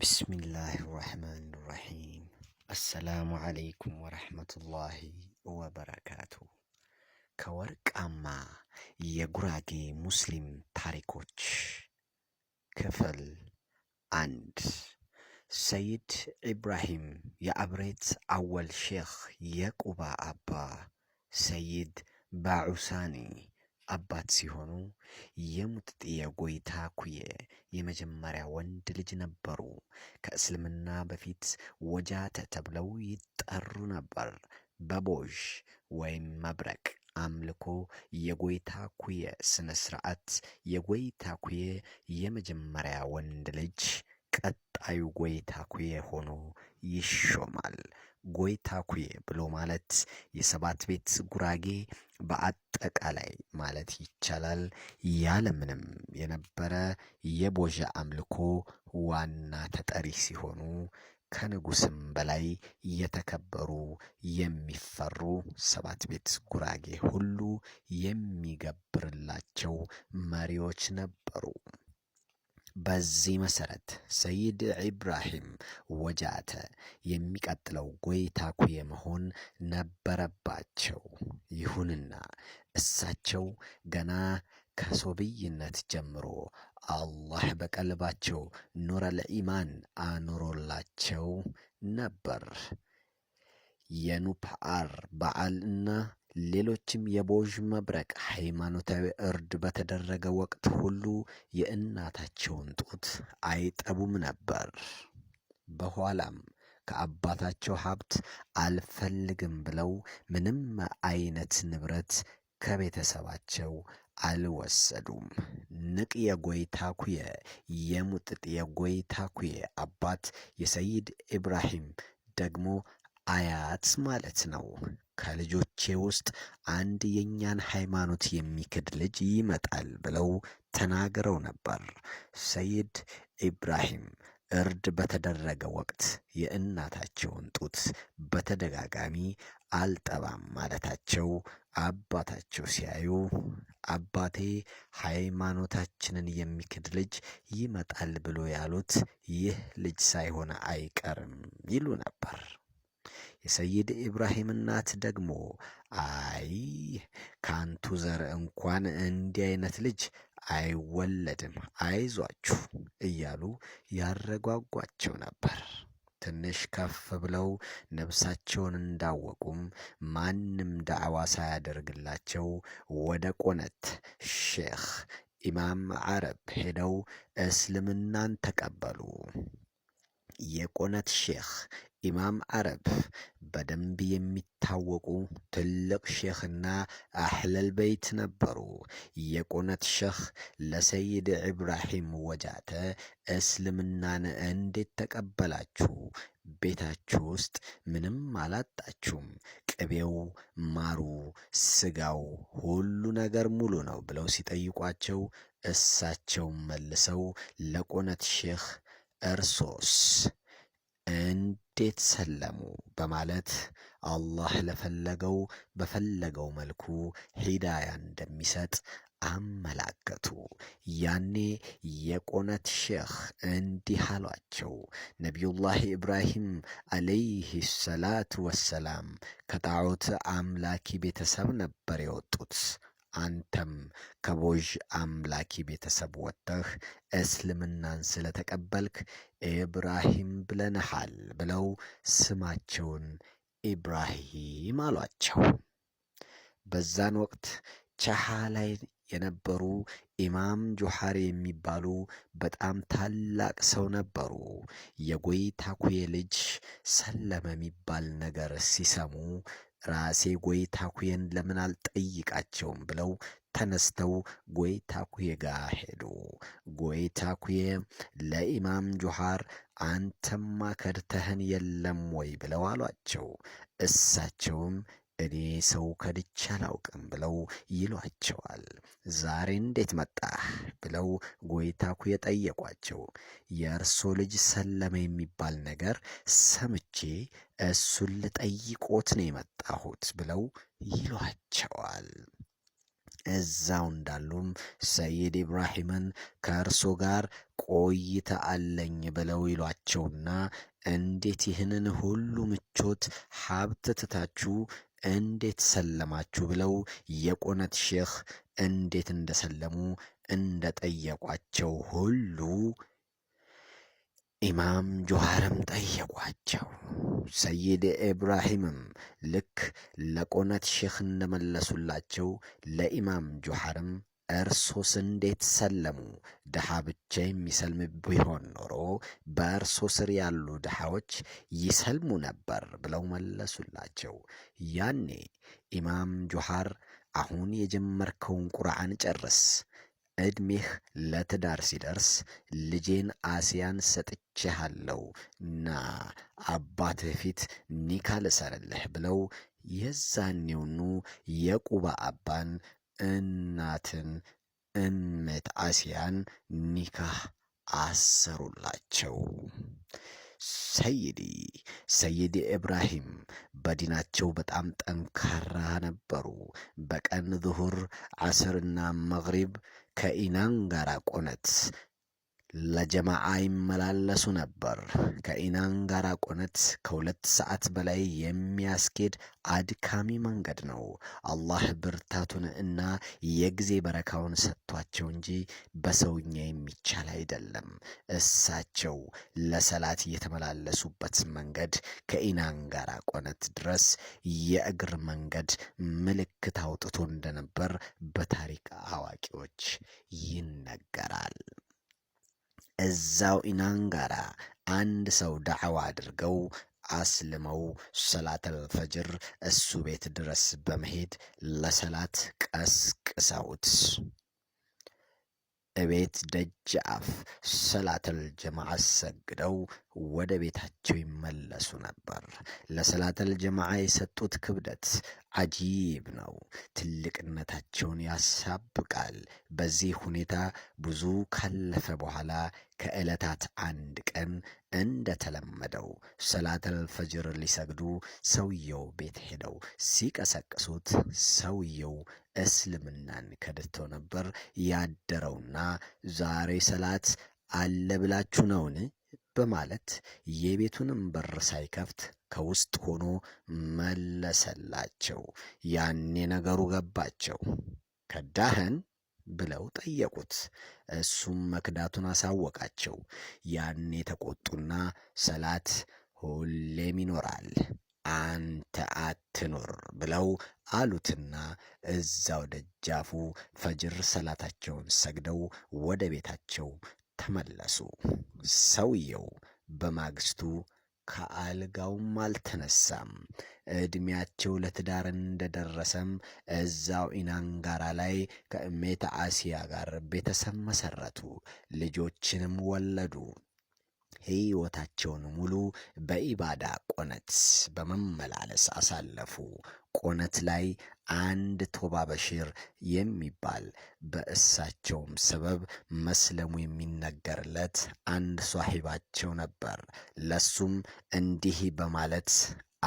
ቢስሚላህ ራህማን ራሂም አሰላሙ አለይኩም ወረህመቱላሂ ወበረካቱ። ከወርቃማ የጉራጌ ሙስሊም ታሪኮች ክፍል አንድ ሰይድ ኢብራሂም የአብሬት አወል ሼኽ የቁባ አባ ሰይድ ባዑሳኒ አባት ሲሆኑ የሙጥጥ የጎይታ ኩየ የመጀመሪያ ወንድ ልጅ ነበሩ። ከእስልምና በፊት ወጃተ ተብለው ይጠሩ ነበር። በቦዥ ወይም መብረቅ አምልኮ የጎይታ ኩየ ስነ ስርዓት የጎይታ ኩየ የመጀመሪያ ወንድ ልጅ ቀጣዩ ጎይታ ኩየ ሆኖ ይሾማል። ጎይታኩዬ ብሎ ማለት የሰባት ቤት ጉራጌ በአጠቃላይ ማለት ይቻላል ያለምንም የነበረ የቦዣ አምልኮ ዋና ተጠሪ ሲሆኑ ከንጉስም በላይ የተከበሩ የሚፈሩ ሰባት ቤት ጉራጌ ሁሉ የሚገብርላቸው መሪዎች ነበሩ። በዚህ መሰረት ሰይድ ኢብራሂም ወጃተ የሚቀጥለው ጎይታኩ መሆን ነበረባቸው። ይሁንና እሳቸው ገና ከሶብይነት ጀምሮ አላህ በቀልባቸው ኑረል ኢማን አኑሮላቸው ነበር። የኑፕአር በዓል እና ሌሎችም የቦዥ መብረቅ ሃይማኖታዊ እርድ በተደረገ ወቅት ሁሉ የእናታቸውን ጡት አይጠቡም ነበር። በኋላም ከአባታቸው ሀብት አልፈልግም ብለው ምንም አይነት ንብረት ከቤተሰባቸው አልወሰዱም። ንቅ የጎይታኩየ የሙጥጥ የጎይታኩየ አባት የሰይድ ኢብራሂም ደግሞ አያት ማለት ነው። ከልጆቼ ውስጥ አንድ የእኛን ሃይማኖት የሚክድ ልጅ ይመጣል ብለው ተናግረው ነበር። ሰይድ ኢብራሂም እርድ በተደረገ ወቅት የእናታቸውን ጡት በተደጋጋሚ አልጠባም ማለታቸው አባታቸው ሲያዩ አባቴ ሃይማኖታችንን የሚክድ ልጅ ይመጣል ብሎ ያሉት ይህ ልጅ ሳይሆን አይቀርም ይሉ ነበር። የሰይድ ኢብራሂም እናት ደግሞ አይ ከአንቱ ዘር እንኳን እንዲህ አይነት ልጅ አይወለድም፣ አይዟችሁ እያሉ ያረጓጓቸው ነበር። ትንሽ ከፍ ብለው ነብሳቸውን እንዳወቁም ማንም ዳዕዋ ሳያደርግላቸው ወደ ቆነት ሼኽ ኢማም አረብ ሄደው እስልምናን ተቀበሉ። የቆነት ሼኽ ኢማም አረብ በደንብ የሚታወቁ ትልቅ ሼኽና አህለል በይት ነበሩ። የቁነት ሼኽ ለሰይድ ኢብራሂም ወጃተ እስልምናን እንዴት ተቀበላችሁ? ቤታችሁ ውስጥ ምንም አላጣችሁም፣ ቅቤው፣ ማሩ፣ ስጋው፣ ሁሉ ነገር ሙሉ ነው ብለው ሲጠይቋቸው እሳቸው መልሰው ለቁነት ሼኽ እርሶስ እንዴት ሰለሙ በማለት አላህ ለፈለገው በፈለገው መልኩ ሂዳያ እንደሚሰጥ አመላከቱ። ያኔ የቆነት ሼህ እንዲህ አሏቸው። ነቢዩላህ ኢብራሂም አለይህ ሰላት ወሰላም ከጣዖት አምላኪ ቤተሰብ ነበር የወጡት። አንተም ከቦዥ አምላኪ ቤተሰብ ወጥተህ እስልምናን ስለተቀበልክ ኢብራሂም ብለንሃል ብለው ስማቸውን ኢብራሂም አሏቸው። በዛን ወቅት ቸሃ ላይ የነበሩ ኢማም ጆሐሪ የሚባሉ በጣም ታላቅ ሰው ነበሩ። የጎይታኩዬ ልጅ ሰለመ የሚባል ነገር ሲሰሙ ራሴ ጎይታኩዬን ለምን አልጠይቃቸውም ብለው ተነስተው ጎይ ታኩዬ ጋር ሄዱ። ጎይታኩዬ ለኢማም ጆሃር አንተማ ከድተህን የለም ወይ ብለው አሏቸው። እሳቸውም እኔ ሰው ከድቼ አላውቅም ብለው ይሏቸዋል። ዛሬ እንዴት መጣህ ብለው ጎይታኩ የጠየቋቸው የእርሶ ልጅ ሰለመ የሚባል ነገር ሰምቼ እሱን ልጠይቆት ነው የመጣሁት ብለው ይሏቸዋል። እዛው እንዳሉም ሰይድ ኢብራሂምን ከእርሶ ጋር ቆይታ አለኝ ብለው ይሏቸውና እንዴት ይህንን ሁሉ ምቾት ሀብት ትታችሁ እንዴት ሰለማችሁ ብለው የቆነት ሼህ እንዴት እንደሰለሙ እንደጠየቋቸው ሁሉ ኢማም ጆሃርም ጠየቋቸው። ሰይድ ኢብራሂምም ልክ ለቆነት ሼህ እንደመለሱላቸው ለኢማም ጆሃርም ። እርሶስ እንዴት ሰለሙ? ድሃ ብቻ የሚሰልም ቢሆን ኖሮ በእርሶ ስር ያሉ ድሃዎች ይሰልሙ ነበር ብለው መለሱላቸው። ያኔ ኢማም ጆሃር አሁን የጀመርከውን ቁርአን ጨርስ፣ ዕድሜህ ለትዳር ሲደርስ ልጄን አስያን ሰጥቼሃለሁ እና አባትህ ፊት ኒካ ልሰርልህ ብለው የዛኔውኑ የቁባ አባን እናትን እመት አሲያን ኒካህ አሰሩላቸው። ሰይዲ ሰይዲ ኢብራሂም በዲናቸው በጣም ጠንካራ ነበሩ። በቀን ዙሁር፣ አስርና መግሪብ ከኢናን ጋር ቆነት ለጀማዓ ይመላለሱ ነበር። ከኢናን ጋር ቆነት ከሁለት ሰዓት በላይ የሚያስኬድ አድካሚ መንገድ ነው። አላህ ብርታቱን እና የጊዜ በረካውን ሰጥቷቸው እንጂ በሰውኛ የሚቻል አይደለም። እሳቸው ለሰላት የተመላለሱበት መንገድ ከኢናን ጋር ቆነት ድረስ የእግር መንገድ ምልክት አውጥቶ እንደነበር በታሪክ አዋቂዎች ይነገራል። እዛው ኢናንጋራ አንድ ሰው ዳዕዋ አድርገው አስልመው ሰላተል ፈጅር እሱ ቤት ድረስ በመሄድ ለሰላት ቀስቅሰውት እቤት ደጃፍ ሰላተል ጀማዓ ሰግደው ወደ ቤታቸው ይመለሱ ነበር። ለሰላተል ጀማዓ የሰጡት ክብደት አጂብ ነው። ትልቅነታቸውን ያሳብቃል። በዚህ ሁኔታ ብዙ ካለፈ በኋላ ከዕለታት አንድ ቀን እንደተለመደው ሰላተል ፈጅር ሊሰግዱ ሰውየው ቤት ሄደው ሲቀሰቅሱት ሰውየው እስልምናን ከድቶ ነበር ያደረውና ዛሬ ሰላት አለ ብላችሁ ነውን? በማለት የቤቱንም በር ሳይከፍት ከውስጥ ሆኖ መለሰላቸው። ያኔ ነገሩ ገባቸው። ከዳህን ብለው ጠየቁት። እሱም መክዳቱን አሳወቃቸው። ያኔ ተቆጡና ሰላት ሁሌም ይኖራል አንተ አትኖር ብለው አሉትና እዛው ደጃፉ ፈጅር ሰላታቸውን ሰግደው ወደ ቤታቸው ተመለሱ። ሰውየው በማግስቱ ከአልጋውም አልተነሳም። ዕድሜያቸው ለትዳር እንደደረሰም እዛው ኢናንጋራ ላይ ከእሜት አሲያ ጋር ቤተሰብ መሰረቱ ልጆችንም ወለዱ። ሕይወታቸውን ሙሉ በኢባዳ ቆነት በመመላለስ አሳለፉ። ቆነት ላይ አንድ ቶባ በሽር የሚባል በእሳቸውም ሰበብ መስለሙ የሚነገርለት አንድ ሷሒባቸው ነበር። ለሱም እንዲህ በማለት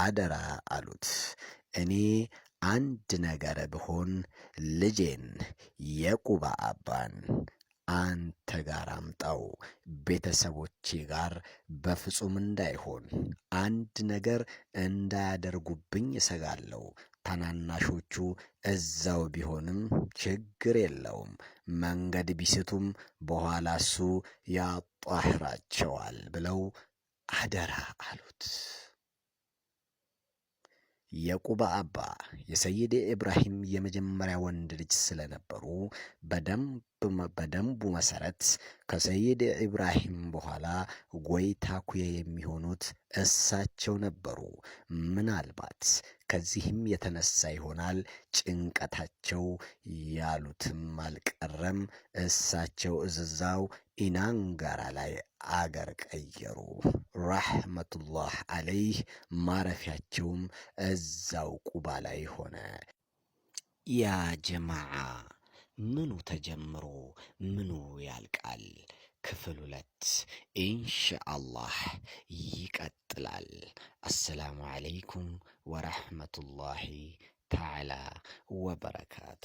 አደራ አሉት። እኔ አንድ ነገር ብሆን ልጄን የቁባ አባን አንተ ጋር አምጣው ቤተሰቦቼ ጋር በፍጹም እንዳይሆን አንድ ነገር እንዳያደርጉብኝ እሰጋለሁ። ታናናሾቹ እዛው ቢሆንም ችግር የለውም መንገድ ቢስቱም በኋላ እሱ ያጧህራቸዋል ብለው አደራ የቁባ አባ የሰይድ ኢብራሂም የመጀመሪያ ወንድ ልጅ ስለነበሩ በደንቡ መሰረት ከሰይድ ኢብራሂም በኋላ ጎይታኩዬ የሚሆኑት እሳቸው ነበሩ። ምናልባት ከዚህም የተነሳ ይሆናል ጭንቀታቸው ያሉትም አልቀረም። እሳቸው እዝዛው ኢናንጋራ ላይ አገር ቀየሩ። ራህመቱላህ አለይህ ማረፊያቸውም እዛው ቁባ ላይ ሆነ። ያ ጀማዓ ምኑ ተጀምሮ ምኑ ያልቃል? ክፍል ሁለት ኢንሻአላህ ይቀጥላል። አሰላሙ አለይኩም ወራህመቱላሂ ተዓላ ወበረካቱ።